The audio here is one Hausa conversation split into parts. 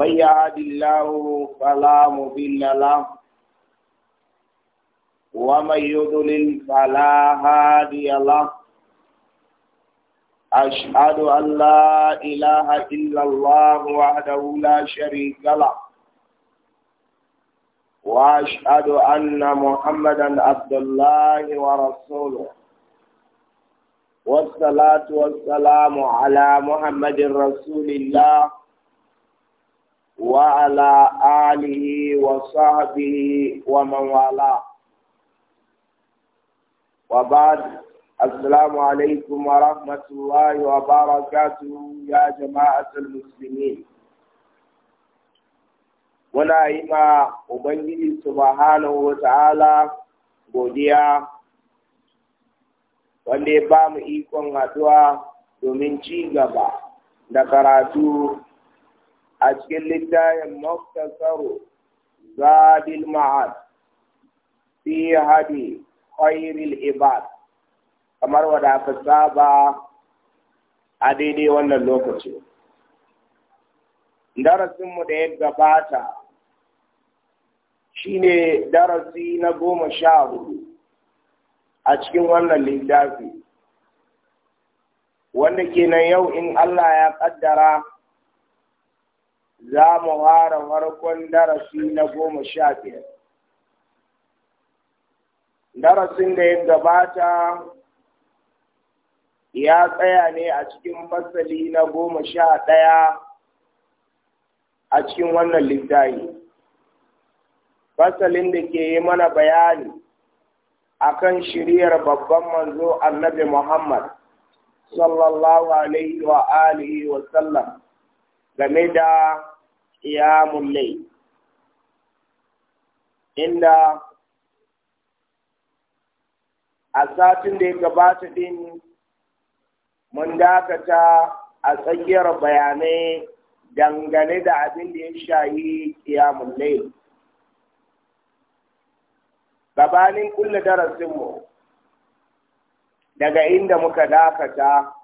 من يهد الله فلا مضل له ومن يضلل فلا هادي له أشهد أن لا إله إلا الله وحده لا شريك له وأشهد أن محمدا عبد الله ورسوله والصلاة والسلام على محمد رسول الله وعلى آله وصحبه ومن والاه وبعد السلام عليكم ورحمة الله وبركاته يا جماعة المسلمين muna yi ma Ubangiji subhanahu wa ta'ala godiya wanda ya ba mu ikon haɗuwa domin ci gaba da karatu a cikin littafin muktasaru zadil ma'ad fi hadi khairil ibad kamar wada aka saba a daidai wannan lokaci darasinmu da ya gabata shine darasi na goma sha hudu a cikin wannan littafi wanda kenan yau in Allah ya kaddara za mu fara farkon darasi na goma sha biyar darasin da ya gabata ya tsaya ne a cikin fasali na goma sha ɗaya a cikin wannan littafi fasalin da ke yi mana bayani akan shiriyar babban manzo annabi Muhammad sallallahu alaihi wa alihi wa sallam game da qiyamul layl inda a satin da ya gabata din mun dakata a tsakiyar bayanai dangane da abin da ya shayi qiyamul layl gabanin kulle darasinmu daga inda muka dakata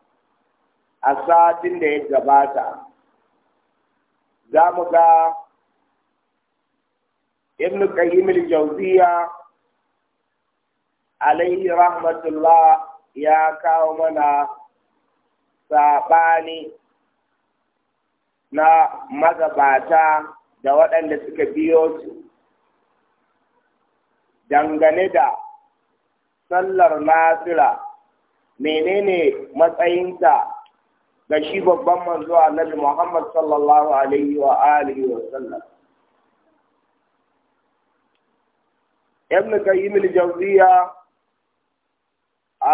a satin da ya gabata za mu ga ibn qayyim al-jawziya alaihi rahmatullah ya kawo mana saɓani na magabata da waɗanda suka biyo su dangane da sallar nasira menene matsayinta ga shi babban manzo annabi Muhammad sallallahu alaihi wa alihi wa sallam ibn qayyim al-jawziya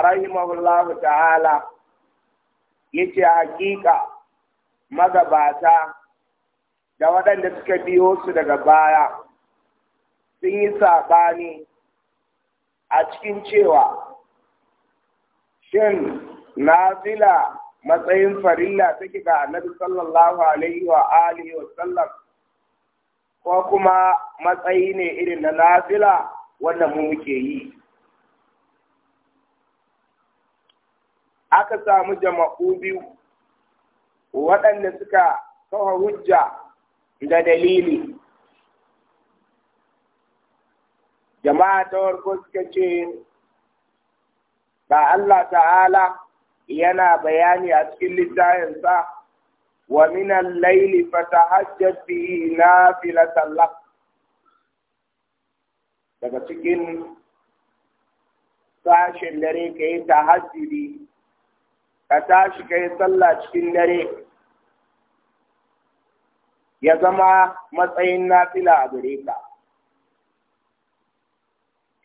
rahimahullah ta'ala yace hakika magabata da waɗanda suka biyo su daga baya sun yi saɓani a cikin cewa shin nazila matsayin farilla take ga annabi sallallahu alaihi wa alihi wa sallam ko kuma matsayi ne irin na nafila wanda mu muke yi aka samu jama'u biyu waɗanda suka kawo hujja da dalili jama'a ta warko suka ce ba Allah ta'ala yana bayani a cikin littafinsa wa min al-layli fatahajjat bihi nafilatan lak daga cikin sashen dare ka yi tahajjudi ka tashi ka yi sallah cikin dare ya zama matsayin nafila a gare ka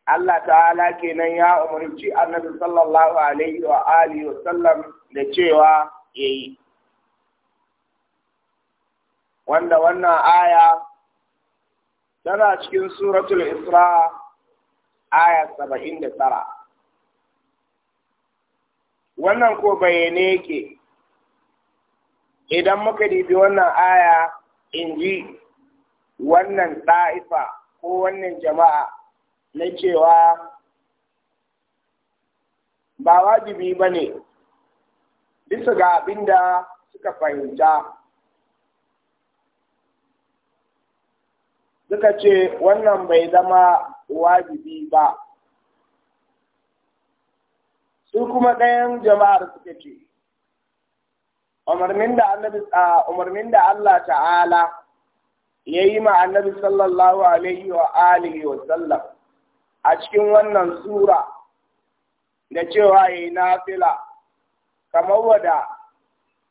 Allah ta'ala kenan ya umarci annabi sallallahu alaihi wa alihi wa sallam da cewa yayi wanda wannan aya tana cikin suratul isra aya 79 wannan ko bayyane yake idan muka dibi wannan aya in ji wannan ɗa'ifa ko wannan jama'a na cewa ba wajibi ba ne bisa ga abin da suka fahimta suka ce wannan bai zama wajibi ba su kuma ɗayan jama'ar suka ce umarnin da Allah ta'ala ya yi ma annabi sallallahu alaihi wa alihi wa sallam a cikin wannan sura da cewa yi nafila kamar wada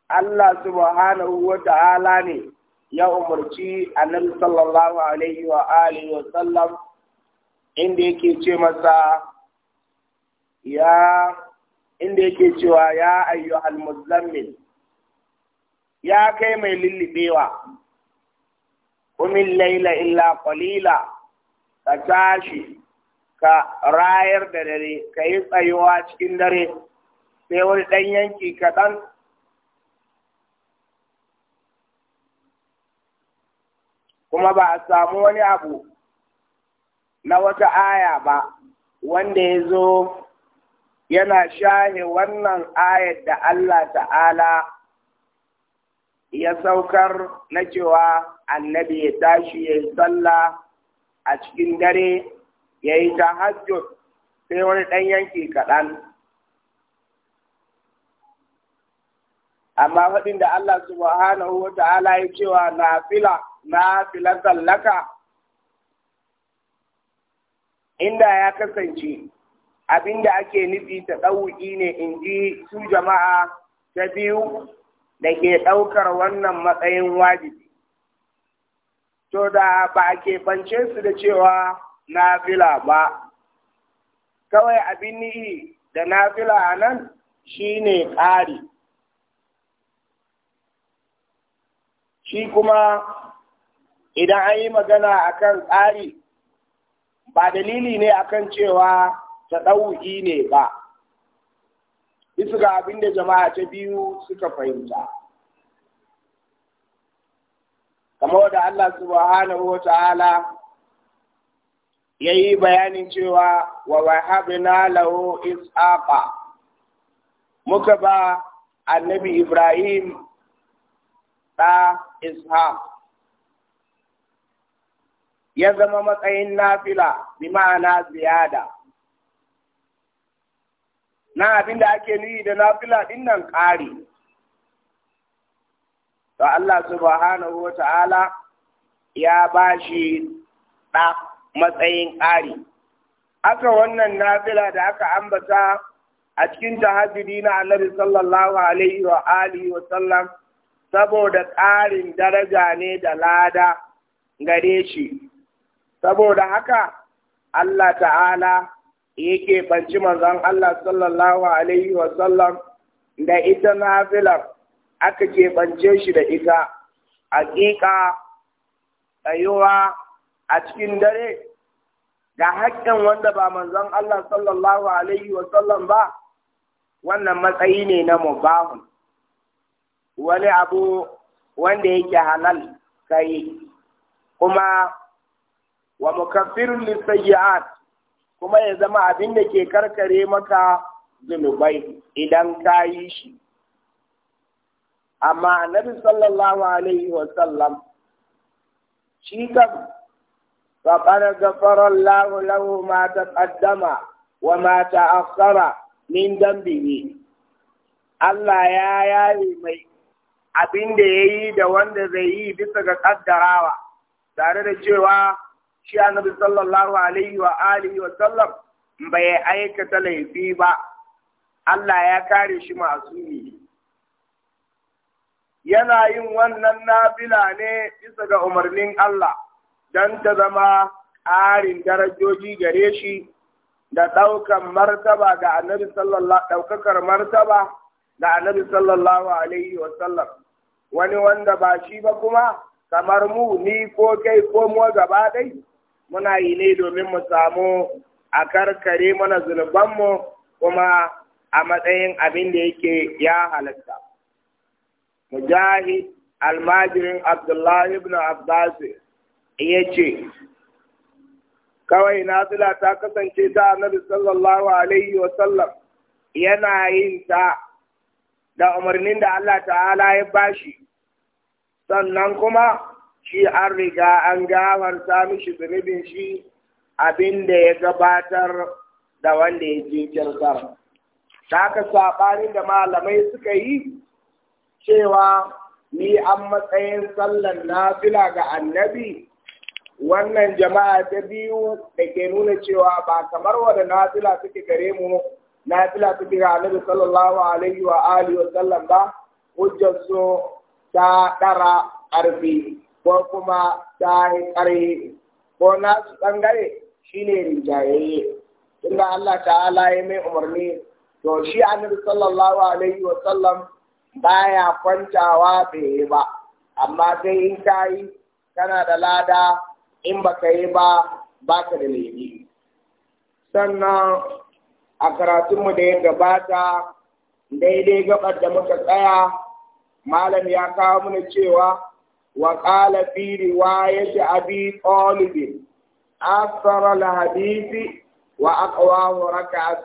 Allah subhanahu wa ta'ala ne ya umarci annabi sallallahu alaihi wa alihi wa sallam inda yake ce masa ya inda yake cewa ya ayyuhal muzammil ya kai mai lullubewa kumin laila illa qalila ka tashi ka rayar da dare ka yi tsayuwa cikin dare sai wani ɗan yanki kaɗan kuma ba a samu wani abu na wata aya ba wanda ya zo yana shahe wannan ayar da Allah ta'ala ya saukar na cewa annabi ya tashi ya yi sallah a cikin dare ya yi tahajjud sai wani ɗan yanki kaɗan amma faɗin da Allah subhanahu wa ta'ala ya cewa na fila na filatan laka inda ya kasance abinda ake nufi ta ɗauki ne in ji su jama'a ta biyu da ke ɗaukar wannan matsayin wajibi to da ba a bance su da cewa nafila ba kawai abin ni'i da nafila a nan shine ƙari shi kuma idan an yi magana akan ƙari ba dalili ne akan cewa ta ɗauki ne ba bisa ga abin da jama'a ta biyu suka fahimta kamar da Allah subhanahu wa ta'ala yayi bayanin cewa wa wahabna lahu isaqa muka ba annabi ibrahim ta ishaq ya zama matsayin nafila bi ma'ana ziyada na abin da ake ni da nafila din nan ƙari to Allah subhanahu wa ta'ala ya bashi ɗa matsayin ƙari aka wannan nafila da aka ambata a cikin tahajjudi na annabi sallallahu alaihi wa alihi wa sallam saboda ƙarin daraja ne da lada gare shi saboda haka Allah ta'ala yake banci manzon Allah sallallahu alaihi wa sallam da ita nafilar aka keɓance shi da ita hakika tsayuwa a cikin dare ga haƙƙin wanda ba manzon Allah sallallahu alaihi wa sallam ba wannan matsayi ne na mubahun wani abu wanda yake halal kai kuma wa mukaffirun lisayyi'at kuma ya zama abin da ke karkare maka zunubai idan ka yi shi amma annabi sallallahu alaihi wa sallam shi ka. فقد غفر الله له ما تقدم وما تأخر من ذنبه Allah ya yaye mai abin da ya yi da wanda zai yi bisa ga kaddarawa tare da cewa shi annabi sallallahu alaihi wa alihi wa sallam bai aikata laifi ba Allah ya kare shi masumi yana yin wannan nafila ne bisa ga umarnin Allah don ta zama ƙarin darajoji gare shi da ɗaukan martaba ga annabi sallallahu ɗaukakar martaba da annabi sallallahu alaihi wasallam wani wanda ba shi ba kuma kamar mu ni ko kai ko mu gaba ɗai muna yi ne domin mu samu a karkare mana mu kuma a matsayin abin da yake ya halatta mujahid almajirin abdullahi ibn abbas ya ce kawai nazila ta kasance ta annabi sallallahu alaihi wasallam yana yin ta da umarnin da Allah ta'ala ya bashi sannan kuma shi an riga an gafarta mishi zunubin shi Abinda ya gabatar da wanda ya jinkirtar ta haka saɓanin da malamai suka yi cewa ni an matsayin sallan fila ga annabi wannan jama'a ta biyu da ke nuna cewa ba kamar wanda nafila suke gare mu nafila suke ga annabi sallallahu alaihi wa alihi wa sallam ba hujjar su ta ɗara ƙarfi ko kuma ta yi ƙarfi ko nasu ɓangare shine rinjayayye inda Allah ta'ala ya mai umarni to shi annabi sallallahu alaihi wa sallam baya kwantawa bai ba amma sai in yi kana da lada in ba ka yi ba ba ka da laifi sannan a karatunmu da ya gabata daidai gabar da muka tsaya malam ya kawo mana cewa wa qala fi riwayati abi talib أكثر الحديث وأقواه ركعة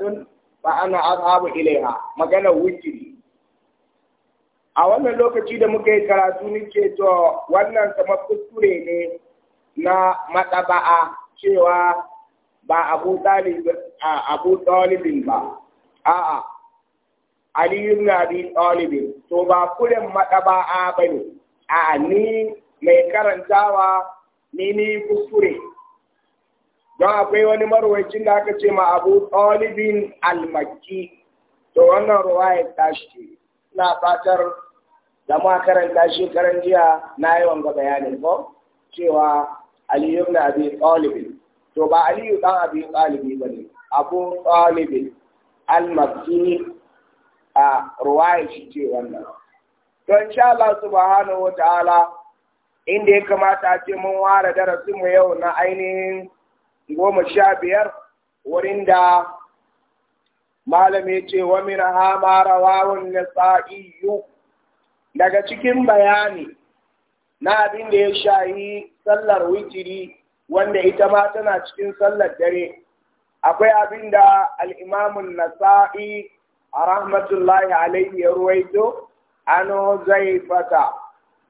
فأنا أذهب إليها Maganar وجري a wannan lokaci da muka yi karatu ni to wannan kamar kuskure ne na matsaba'a cewa ba abu ɗalibin ba, a'a, aliyun na bi ɗalibin, to ba kudin matsaba'a ba ne, a'a ni mai karantawa ni ni kuskure. Don akwai wani marwacin da aka ce ma abu ɗalibin almaki, to wannan ruwa ya tashi, na fatar da ma karanta shekaran jiya na yawan ga bayanin ko cewa Aliyu na Abi Talib to ba Aliyu dan Abi Talib bane Abu Talib al-Makki a ruwaya shi ce wannan to insha Allah subhanahu wataala inda ya kamata ce mun ware darasin mu yau na ainihin goma sha biyar wurin da malami ce wa min ha ma rawawun nasa'i daga cikin bayani na abin da ya shayi sallar witiri wanda ita ma tana cikin sallar dare akwai abin da al'imamun nasa'i a rahmatullahi alaihi ya ruwaito an huzaifata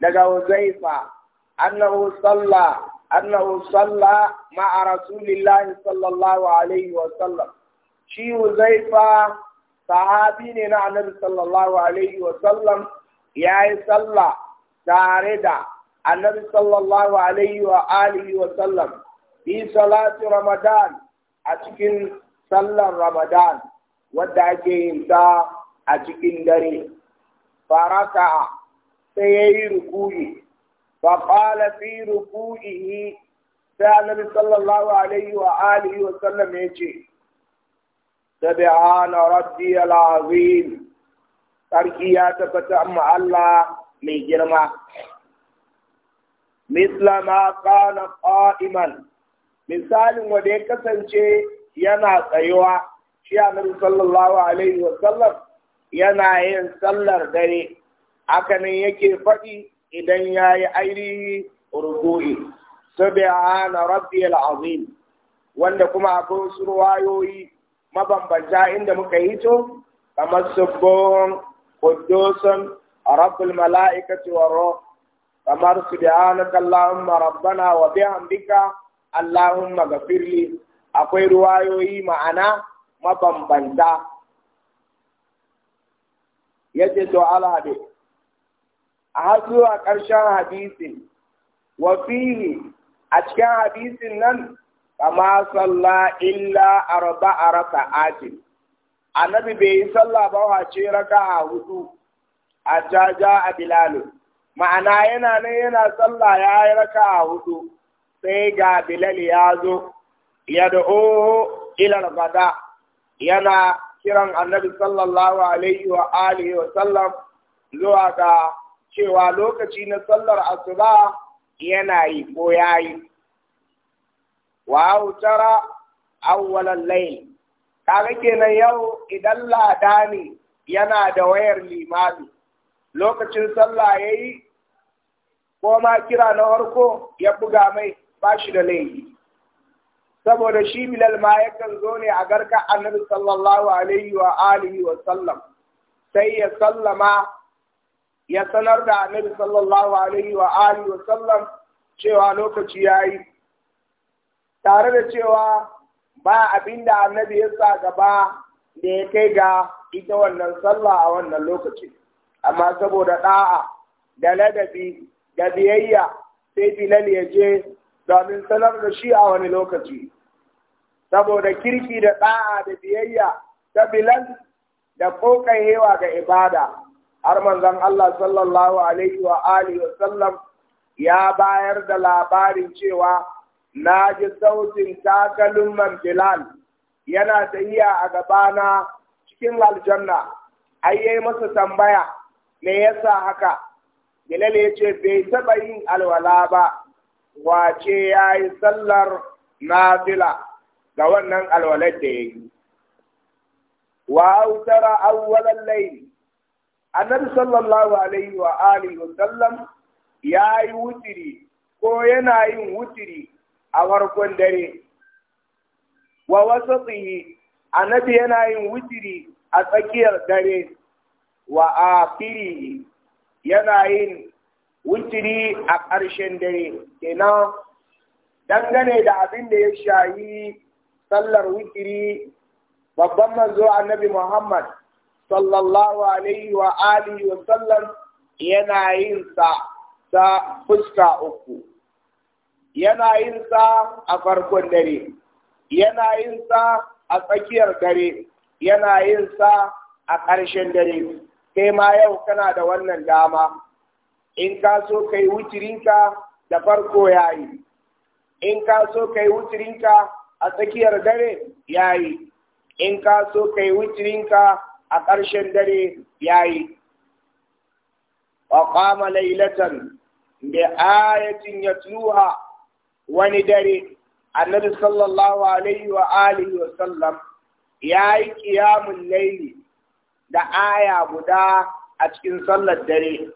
daga huzaifa annahu salla annahu salla ma'a rasulillahi sallallahu alaihi wa sallam shi huzaifa sahabi ne na annabi sallallahu alaihi wa sallam ya yi salla tare da annabi sallallahu alaihi wa alihi wa sallam bi salati ramadan a cikin sallar ramadan wadda ake yin ta a cikin dare faraka sai ya yi rukuni فقال في ركوعه النبي صلى الله عليه وآله وسلم يجي سبحان ربي العظيم تركيا amma الله من جرمه misla ma kana qa'iman misalin wanda ya kasance yana tsayuwa shi annabi sallallahu alaihi wa sallam yana yin sallar dare haka ne yake faɗi idan yayi ainihi ruku'i subhana rabbiyal azim wanda kuma akwai wasu ruwayoyi mabambanta inda muka yi to kamar sabbon kudusun rabbul mala'ikati wa ruh kamar su subhanaka allahumma rabbana wa bihamdika allahumma ghafirli akwai ruwayoyi ma'ana mabambanta yace to alhadi a haɗu a ƙarshen hadisin wa fihi a cikin hadisin nan kama salla illa arba'a raka'atin annabi bai yi sallah ba wace a hudu a jaja a bilalu ma'ana yana nan yana sallah ya yi raka a hudu sai ga bilal ya zo ya da'o ilar bada yana kiran annabi sallallahu alaihi wa alihi wa sallam zuwa ga cewa lokaci na sallar asuba yana yi ko ya yi wa autara awwalan layl kaga kenan yau idan ladani yana da wayar limami lokacin sallah ya yi ko ma kira na harko ya buga mai ba shi da laifi saboda shi milal ma yakan zo ne a garka annabi sallallahu alaihi wa alihi wa sallam sai ya sallama ya sanar da annabi sallallahu alaihi wa alihi wa sallam cewa lokaci ya yi. tare da cewa ba abin da annabi ya sa gaba da ya kai ga ita wannan sallah a wannan lokaci amma saboda ɗa'a da ladabi da biyayya sai Bilal ya je domin sanar da shi a wani lokaci saboda kirki da ɗa'a da biyayya ta Bilal da hewa ga ibada har manzon Allah sallallahu alaihi wa alihi ya bayar da labarin cewa na ji sautin takalin man Bilal yana tahiya a gabana cikin aljanna ai yayi masa tambaya me yasa haka Bilal ya ce bai taɓa yin alwala ba wace ya yi sallar nafila ga wannan alwalar da ya yi wa autara awwalan layl annabi sallallahu alaihi wa alihi sallam ya yi wutiri ko yana yin wutiri a farkon dare wa wasatihi annabi yana yin wutiri a tsakiyar dare wa akhirihi yana yin wuturi a ƙarshen dare kenan dangane da abin da ya shayi sallar wuturi babban manzo annabi Muhammad sallallahu alaihi wa alihi wa sallam yana yin sa ta fuska uku yana yin sa a farkon dare yana yin sa a tsakiyar dare yana yin sa a ƙarshen dare kai ma yau kana da wannan dama in ka so kai wucirinka da farko yayi in ka so kai wucirinka a tsakiyar dare yayi in ka so kai wucirinka a ƙarshen dare yayi wa qama laylatan bi ayatin yatluha wani dare annabi sallallahu alaihi wa alihi wa sallam yayi qiyamul layli da aya guda a cikin sallar dare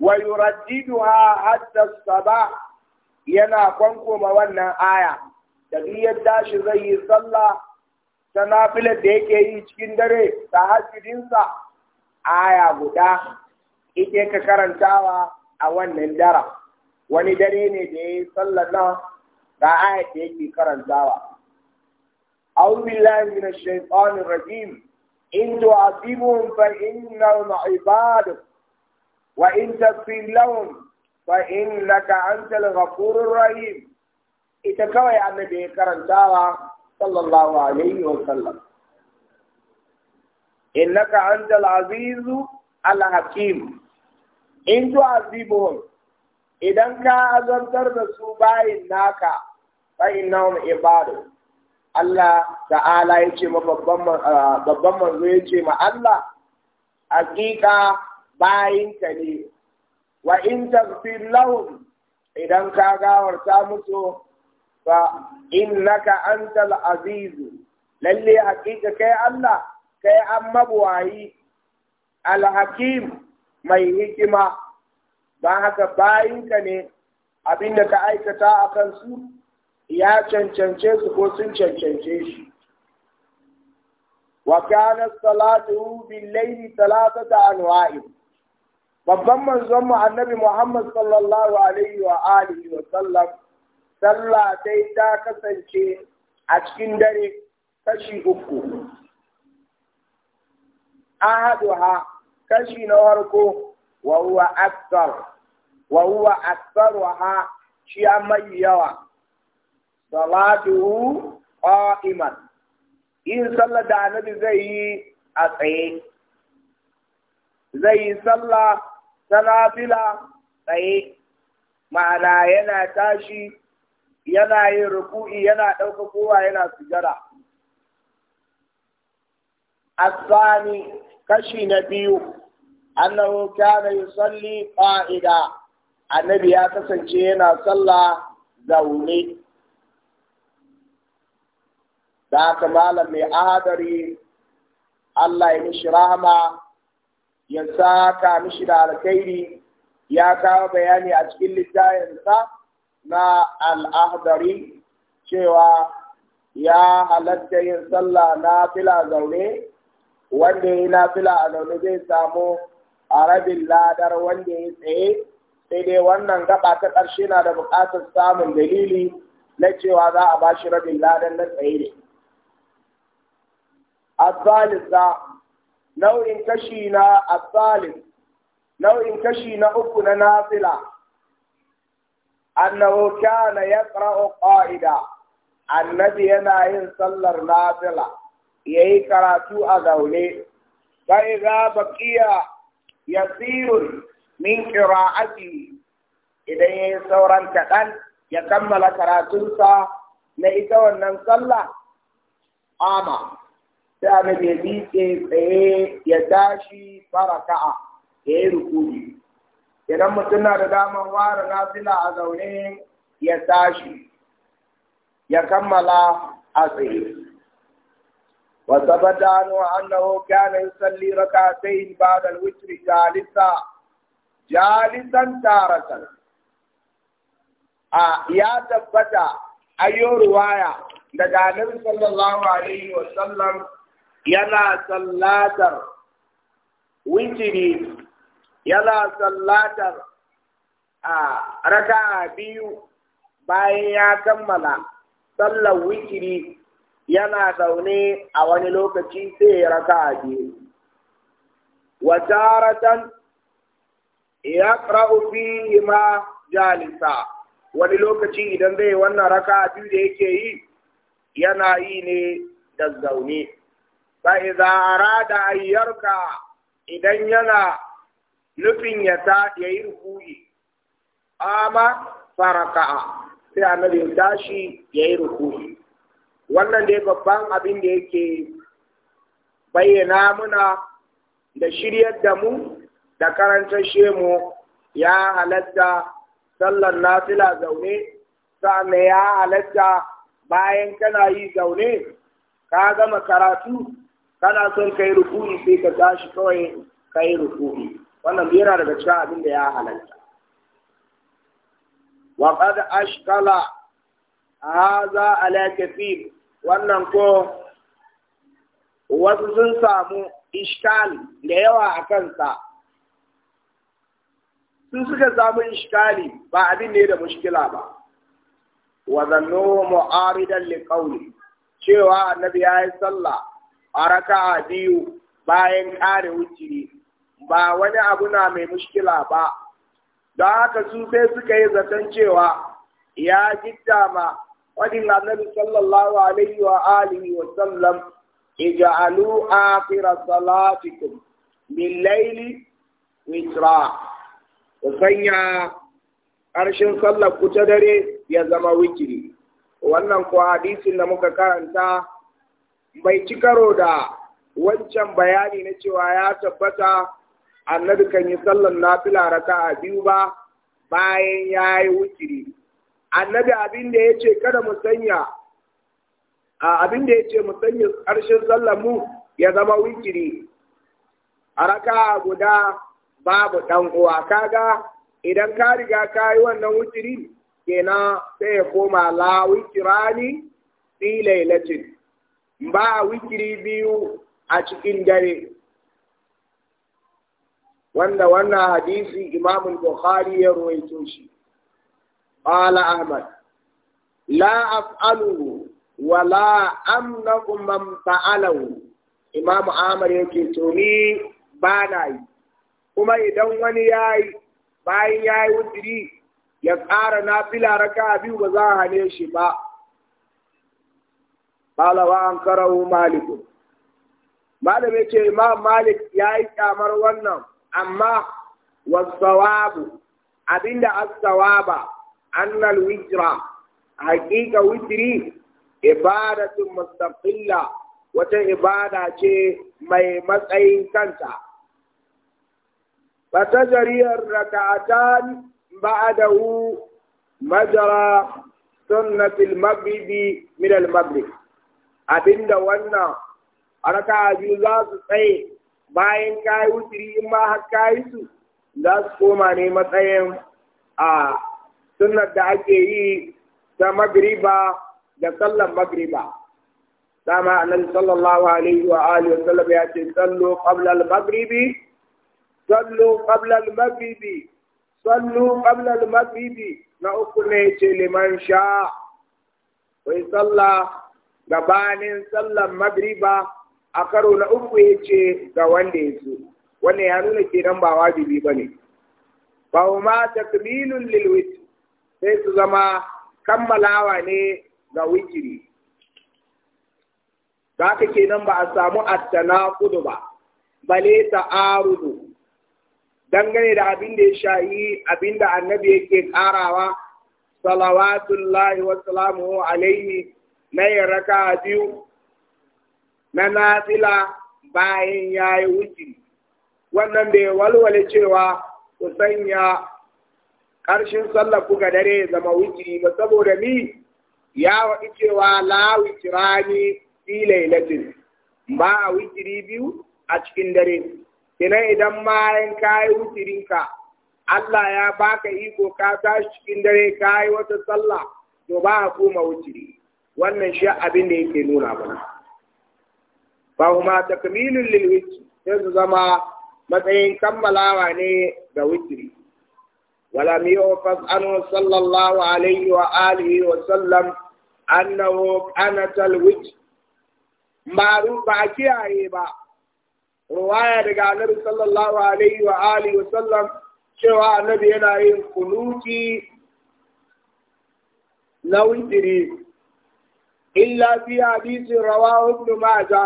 wa yuraddiduha hatta sabah yana kwankoma wannan aya da yadda tashi zai yi sallah ta nafilar da yake yi cikin dare ta hajjidinsa aya guda ike ka karantawa a wannan dara wani dare ne da ya yi sallar nan ga aya da yake karantawa أعوذ بالله من الشيطان الرجيم إن تعذبهم فإنهم عبادك وإن تغفر لهم فإنك أنت الغفور rahim, ita kawai da ya karantawa sallallahu alaihi wa sallam innaka antal azizu al hakim in tu'azibuhum idan ka azantar da su bayin naka fa innahum ibadu Allah ta'ala ya ce ma babban manzo ya ce ma Allah hakika bayinka ne wa in taghfir lahum idan ka ta mutu fa innaka antal azizu lalle hakika kai Allah kai an mabuwayi hakim mai hikima ba haka bayinka ne abinda ka aikata a su ya cancance su ko sun cancance shi wa kana salatu bil layli salatata anwa'i babban manzon mu annabi Muhammad sallallahu alaihi wa alihi wa sallam sallah dai ta kasance a cikin dare kashi uku ahaduha kashi na farko wa huwa akthar wa huwa ha shi amma yawa salatuhu qa'iman in sallar da annabi zai yi a tsaye zai yi sallah ta tsaye ma'ana yana tashi yana yin ruku'i yana ɗauka kowa yana sujada الثاني na نبيو أنه كان يصلي annabi ya kasance yana salla zaune. da ta malam mai adari Allah ya mishi rahama ya saka mishi da alkhairi ya kawo bayani a cikin littayensa na al'adari cewa ya halatta yin sallah na fila zaune wanda ya yi na fila a zaune zai samu a rabin ladar wanda ya tsaye sai dai wannan gaba ta ƙarshe na da buƙatar samun dalili na cewa za a ba shi rabin ladar na tsaye ne الثالثة نوع كشينا الثالث نوع كشينا أكون نافلة أنه كان يقرأ قائدا النبي ينعين صلى نافلة يهي كراتو أذولي فإذا بقي يسير من قراءته إذا يسورا كأن يكمل كراتوسا na ita wannan sallah ama تعمل يديك في يداشي بركعة في ركودي يرمى سنة رداما وار نازلة عزوين يداشي يكمل عزيز وثبت عنه أنه كان يصلي ركعتين بعد الوتر جالسا جالسا تارة يا ثبت أي رواية لدى النبي صلى الله عليه وسلم yana sallatar witiri yana sallatar a biyu bayan ya kammala sallar witiri yana zaune a wani lokaci sai ya raka'a biyu wataratan yaqra'u fihi ma jalisa wani lokaci idan zai wannan raka biyu da yake yi yana yi ne da zaune fa idza arada an idan yana nufin ya ta yayi ruku'i ama faraka sai annabi ya tashi yayi ruku'i wannan dai babban abin da yake bayyana muna da shiryar da mu da karantar mu ya halatta sallar nafila zaune sa'annan ya halatta bayan kana yi zaune ka gama karatu kana son kai rukuni sai ka tashi kawai kai rukuni wannan yana daga cikin abin da ya halatta wa qad ashkala hadha ala kathir wannan ko wasu sun samu ishkal da yawa a kansa sun suka samu ishkali ba abin ne da mushkila ba wa zannu mu'aridan liqawli cewa annabi ya yi sallah a biyu bayan ƙare wutiri ba wani abu na mai mushkila ba don haka su sai suka yi zaton cewa ya gidda ma wadin annabi sallallahu alaihi wa alihi wa sallam ij'alu akhira salatikum min layli witra ku sanya ƙarshen sallar ku ta dare ya zama wikiri wannan ko hadisin da muka karanta bai ci karo da wancan bayani na cewa ya tabbata annabi kan yi sallan nafila a biyu ba bayan ya yi wutiri annabi abin da ya ce kada mu sanya abin da ya ce mu ƙarshen sallan mu ya zama wutiri a raka guda babu ɗan uwa kaga idan ka riga ka yi wannan wutiri kenan sai ya koma la wutirani fi lailatin ba wikiri biyu a cikin dare wanda wannan hadisi imam bukhari ya ruwaito shi qala ahmad la af'aluhu wa la amnaku man fa'alahu imam ahmad yake to ni ba na yi kuma idan wani yayi bayan yayi wutiri ya kara na raka biyu ba za a hane shi ba qala wa ankarahu malik malam yace imam malik yi kyamar wannan amma wasawabu abinda as-sawaba annal witra haqiqa ibada ibadatun mustaqilla wata ibada ce mai matsayin kanta fatajariyar raka'atan ba'dahu majara sunnatul maghribi min al-maghrib abinda wannan raka biyu za su tsaye bayan kayi wuturi in ma har ka yi su za su koma ne matsayin a sunnar da ake yi ta magriba da sallar magriba dama annabi sallallahu alaihi wa alihi wasallam ya ce sallu qabla al-maghribi sallu qabla al-maghribi sallu qabla al-maghribi na uku ne ce liman sha wai sallah gabanin sallar magriba a karo na uku ya ce ga wanda ya zo, wannan ya nuna kenan ba wajibi ba ne ba ma takmilun lil sai su zama kammalawa ne ga wikiri. za ka kenan ba a samu at ba bale ta'arudu dangane da abin da ya shayi abin da annabi yake karawa salawatullahi wa salamuhu alaihi na raka biyu na nafila bayan ya yi wujiri wannan bai walwale cewa ku sanya ƙarshen sallar ku ga dare zama wujiri ba saboda ni ya waɗi cewa la witirani fi lailatin ba a wikiri biyu a cikin dare kenan idan bayan ka yi wikirinka, Allah ya baka iko ka tashi cikin dare ka yi wata sallah to ba a koma wikiri." wannan shi abin da yake nuna mana ba kuma takmilun lil witr sai su zama matsayin kammalawa ne ga witri wala miyofas anhu sallallahu alaihi wa alihi wa sallam annahu qanatal witr maru ba kiyaye ba ruwaya daga annabi sallallahu alaihi wa alihi wa sallam cewa annabi yana yin kunuti na witri illa fi hadisi rawahu ibn maja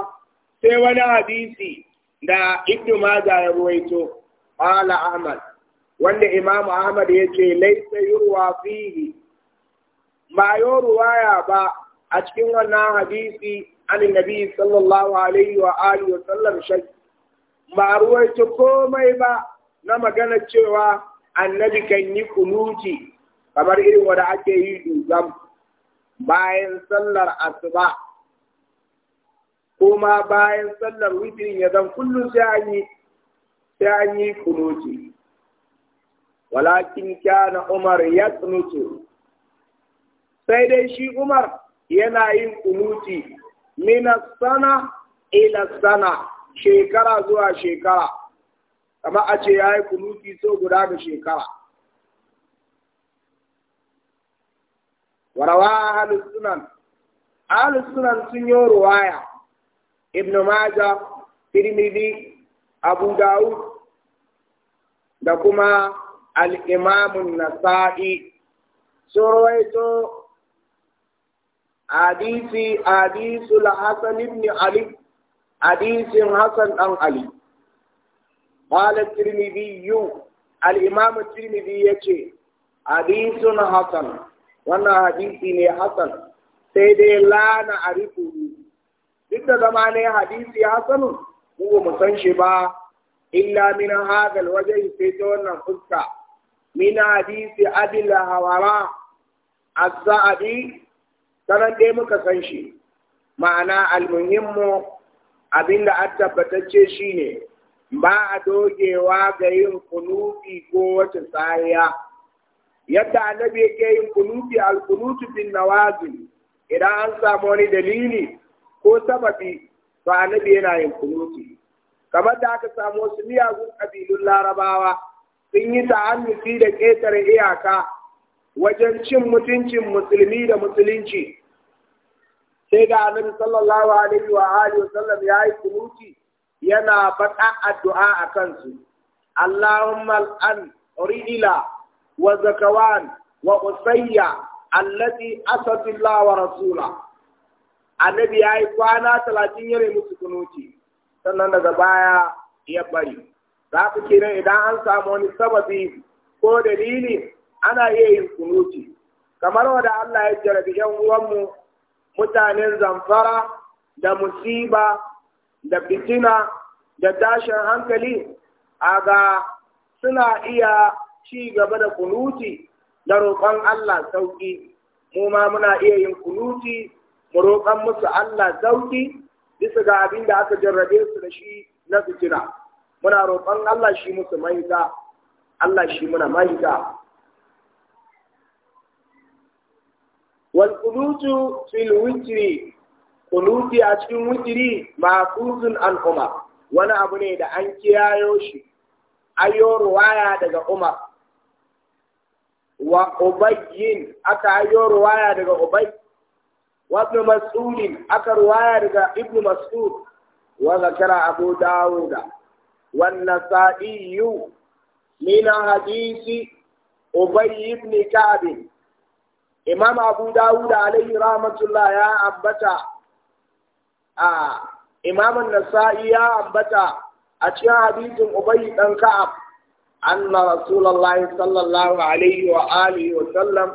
sai wani hadisi da ibn maja ya ruwaito qala ahmad wanda imam ahmad yace laysa yurwa fihi ba yo ya ba a cikin wannan hadisi an nabi sallallahu alaihi wa alihi wa sallam shay ba ruwaito komai ba na magana cewa annabi kan yi kunuti kamar irin wanda ake yi duzam bayan sallar asuba kuma bayan sallar witirin ya zan kullum sai an yi sai an yi kunuti walakin kana umar ya kunuti sai dai shi umar yana yin kunuti mina sana ila sana shekara zuwa shekara kama a ce ya yi kunuti so guda da shekara warawa ahlus sunan sun yi ruwaya ibnu maja tirmidhi abu da kuma al-imam nasai sun rawaito hadisi hadisul hasan ibn ali hadisin hasan dan ali قال الترمذي الإمام الترمذي يتي حديث حسن wannan hadisi ne hasan sai dai lana na yi. duk da zama ne hadisi hasanu ko mu san shi ba illa min hadal waje sai ta wannan fuska min hadisi abil hawara az-za'abi sanan dai muka san shi ma'ana al-muhimmu abinda an tabbatacce shine ba a dogewa ga yin kunufi ko wata tsariya yadda annabi yake yin kunuti al kunuti bin nawazi idan an samu wani dalili ko sababi to annabi yana yin kunuti kamar da aka samu wasu miyagun kabilun larabawa sun yi ta'annufi da ƙetare iyaka wajen cin mutuncin musulmi da musulunci sai da annabi sallallahu alaihi wa alihi wa sallam ya yi kunuti yana faɗa addu'a a kansu Allahumma an ridila وزكوان وقصية التي أسد الله ورسوله annabi ya yi kwana talatin yare musu kunuti sannan daga baya ya bari za ku kenan idan an samu wani sababi ko dalili ana iya yin kunuti kamar wanda Allah ya jarabi yan uwanmu mutanen zamfara da musiba da fitina da tashin hankali a suna iya ci gaba da kunuti da roƙon Allah sauƙi mu ma muna iya yin kunuti mu roƙon musu Allah sauƙi bisa ga abin da aka jarrabe su da shi na sutura. muna roƙon Allah shi musu mahita Allah shi muna mahita wal kunutu fil wujiri, kunuti a cikin wujiri ma kuzun al'umma, wani abu ne da an kiyayo shi ayo ruwaya daga umar wa Obayin aka yi ruwaya daga ubay wa ibn mas'ud aka ruwaya daga ibn mas'ud wa zakara abu dawuda wan nasa'i min hadisi ubay ibn ka'b imam abu dawuda alayhi rahmatullah ya ambata a imam an-nasa'i ya ambata a cikin hadisin ubay dan ka'ab أن رسول الله صلى الله عليه وآله وسلم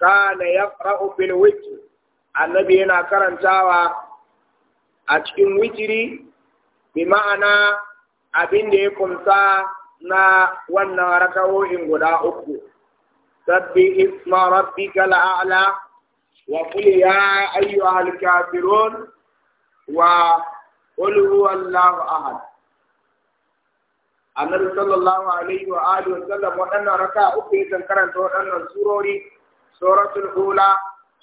كان يقرأ في Annabi النبي هنا a تاوى أتكين وتري بمعنى abin da ya kumsa na wannan rakawoyin guda uku sabbi isma rabbika al'ala wa qul ya ayyuhal kafirun wa qul huwallahu ahad annabi sallallahu alaihi wa alihi wa sallam waɗannan raka uku yakan karanta waɗannan surori suratul ula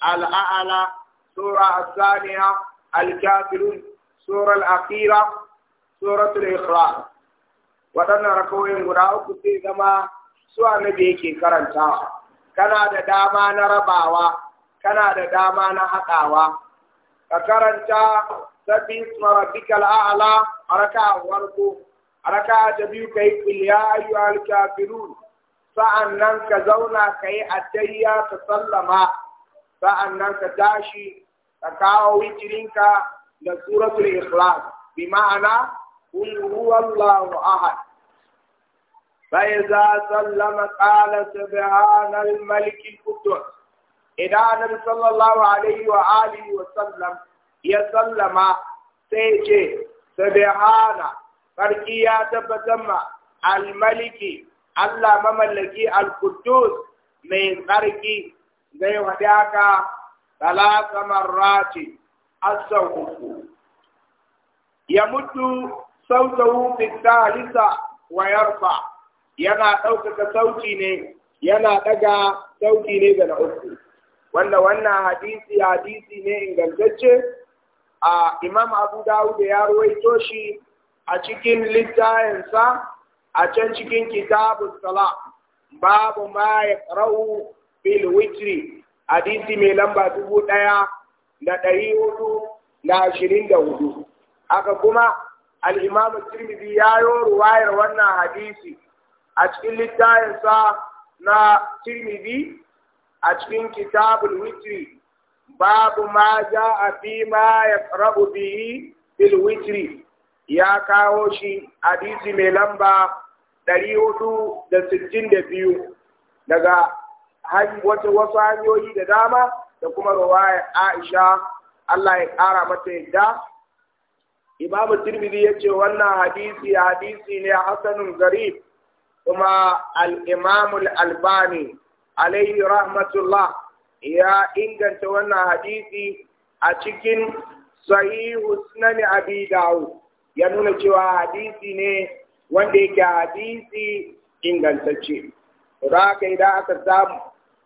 al-a'la sura as-saniya al-kafirun sura al suratul ikhlas waɗannan rakawoyin guda uku sai zama su annabi yake karantawa kana da dama na rabawa kana da dama na haɗawa ka karanta sabbi rabbikal a'la raka'a warko raka ta biyu kai qul ya ayyuhal kafirun sa'annan ka zauna kai atayya ta sallama sa'annan ka tashi ka kawo witirinka da suratul ikhlas bi ma'ana qul huwallahu ahad فإذا سلم قال سبحان الملك القدوس إذا النبي صلى الله عليه وآله وسلم يسلم سيجي سبحانه sarki ya tabbatar ma almaliki Allah mamallaki al-quddus mai tsarki zai wadi haka talata marrati asau uku ya mutu sautahu fi talisa wa yarfa yana ɗaukaka sauti ne yana ɗaga sauti ne ga na uku wanda wannan hadisi hadisi ne ingantacce a imam abu dawud ya ruwaito shi a cikin sa a can cikin kitabun sala babu ma ya fil witri hadisi mai lamba dubu ɗaya da ɗari hudu da ashirin da hudu haka kuma al'imamu tirmidhi ya yi ruwayar wannan hadisi a cikin littayensa na tirmidhi a cikin kitabul witri babu ma za a fi ma ya bihi witri ya kawo shi hadisi mai lamba ɗari hudu da sittin da biyu daga wasu hanyoyi da dama da kuma ruwaya Aisha Allah ya ƙara mata yadda Imam Tirmidhi ya ce wannan hadisi hadisi ne a hasanun garib kuma al-Imam albani alaihi rahmatullah ya inganta wannan hadisi a cikin sahihu sunan Abi Dawud ya nuna cewa hadisi ne wanda yake hadisi ingantacce da yi idan aka samu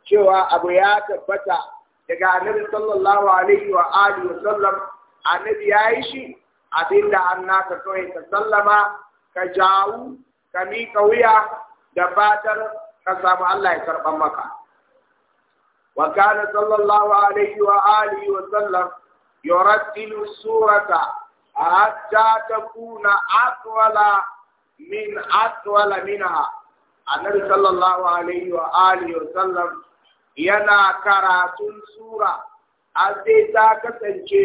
cewa abu ya tabbata daga annabi sallallahu alaihi wa alihi wa sallam annabi ya yi shi abinda an naka kawai ka sallama ka jawo ka miƙa wuya da fatar ka samu Allah ya karɓar maka wa kana sallallahu alaihi wa wa sallam surata hatta takuna atwala min atwala minha annabi sallallahu alaihi wa alihi wa sallam yana karatun sura a sai ta kasance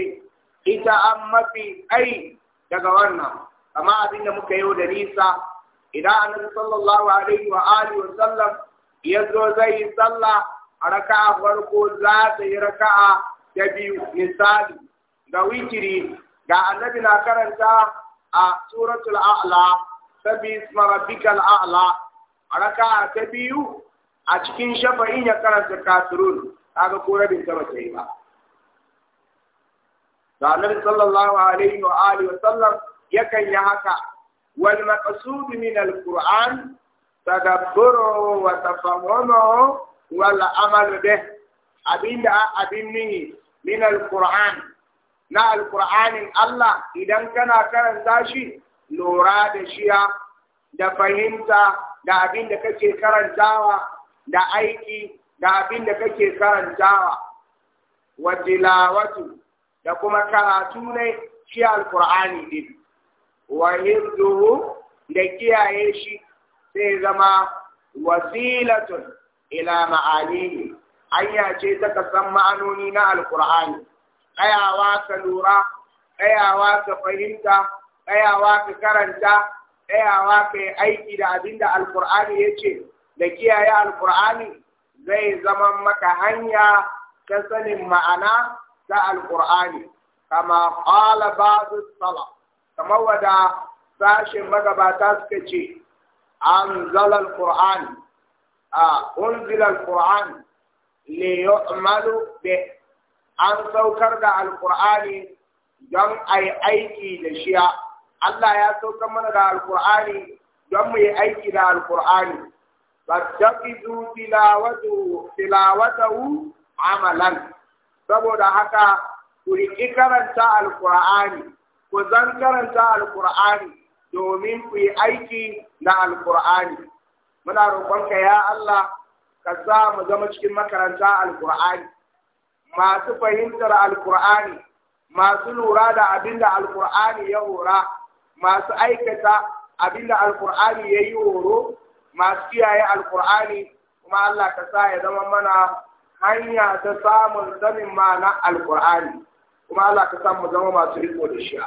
ita an mafi ai daga wannan amma abinda muka yau da nisa idan annabi sallallahu wa alihi wa sallam ya zo zai yi sallah raka'a farko za ta yi raka'a ta biyu misali ga witiri جاء النبي ناكرن تا آه، سورة الأعلى سبي اسم ربك الأعلى أركا سبيو أشكين شفا إن يكرن تكاثرون هذا كورة بنت رسيبا النبي صلى الله عليه وآله وسلم يكن يهكا والمقصود من القرآن تدبره وتفهمه والعمل به من القرآن na alkur'ani Allah idan kana karanta shi lura da shiya da fahimta da abin da kake karantawa da aiki da abin da kake karantawa wa tilawatu da kuma karatu ne shi alƙur'ani din wa da kiyaye shi sai zama wasilatun ila ne. hanya ce ta kasan ma'anoni na alkur'ani tsayawa ka lura tsayawa ka fahimta tsayawa ka karanta tsayawa ka yi aiki da abin da alkur'ani ya ce da kiyaye alkur'ani zai zama maka hanya ta sanin ma'ana ta alkur'ani kama ƙala ba sala kamar wada sashen magabata suka ce an zala alkur'ani a unzila alkur'ani le yu'malu bi an saukar da alkur'ani don a yi aiki da shiya Allah ya saukar mana da alkur'ani don mu yi aiki da alkur'ani fattakizu tilawatahu amalan saboda haka ku riƙi karanta alkur'ani ku zan karanta alkur'ani domin ku yi aiki da alkur'ani muna roƙonka ya Allah ka sa mu zama cikin makaranta alkur'ani masu fahimtar alkur'ani masu lura da abin da alkur'ani ya hora masu aikata abin da alkur'ani ya yi horo masu kiyaye alkur'ani kuma Allah ka sa ya zama mana hanya ta samun sanin ma'ana alkur'ani kuma Allah ka sa mu zama masu riko da shi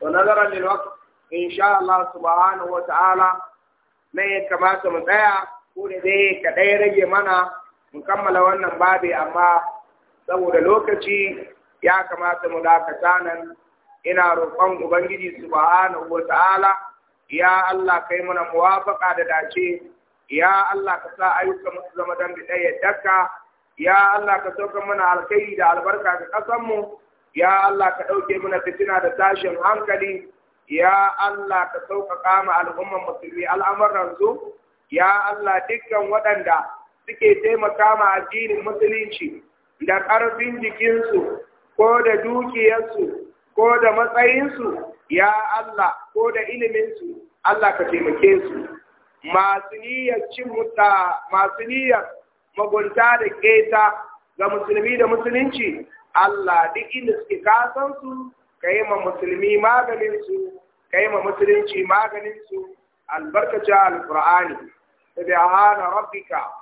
to nazaran lil waqt insha Allah subhanahu wa ta'ala ne kamata mu tsaya ko da dai ka dai rage mana mu kammala wannan babi amma saboda lokaci ya kamata mu dakata nan ina roƙon ubangiji subhanahu ta'ala ya Allah kai mana muwafaqa da dace ya Allah ka sa ayyuka mu zama dan bi ɗaya daka ya Allah ka sauka mana alkhairi da albarka ga ƙasar mu ya Allah ka ɗauke mana fitina da tashin hankali ya Allah ka sauka kama al'umman musulmi al'amuran su ya Allah dukkan waɗanda suke taimaka ma addinin musulunci da ƙarfin jikinsu ko da dukiyarsu ko da matsayinsu ya Allah ko da iliminsu Allah ka taimake su masu niyyar cin muta masu niyyar magunta da keta ga musulmi da musulunci Allah duk inda suke kasansu su ka yi ma musulmi maganin ka yi ma musulunci maganin su albarkaci alqur'ani subhana rabbika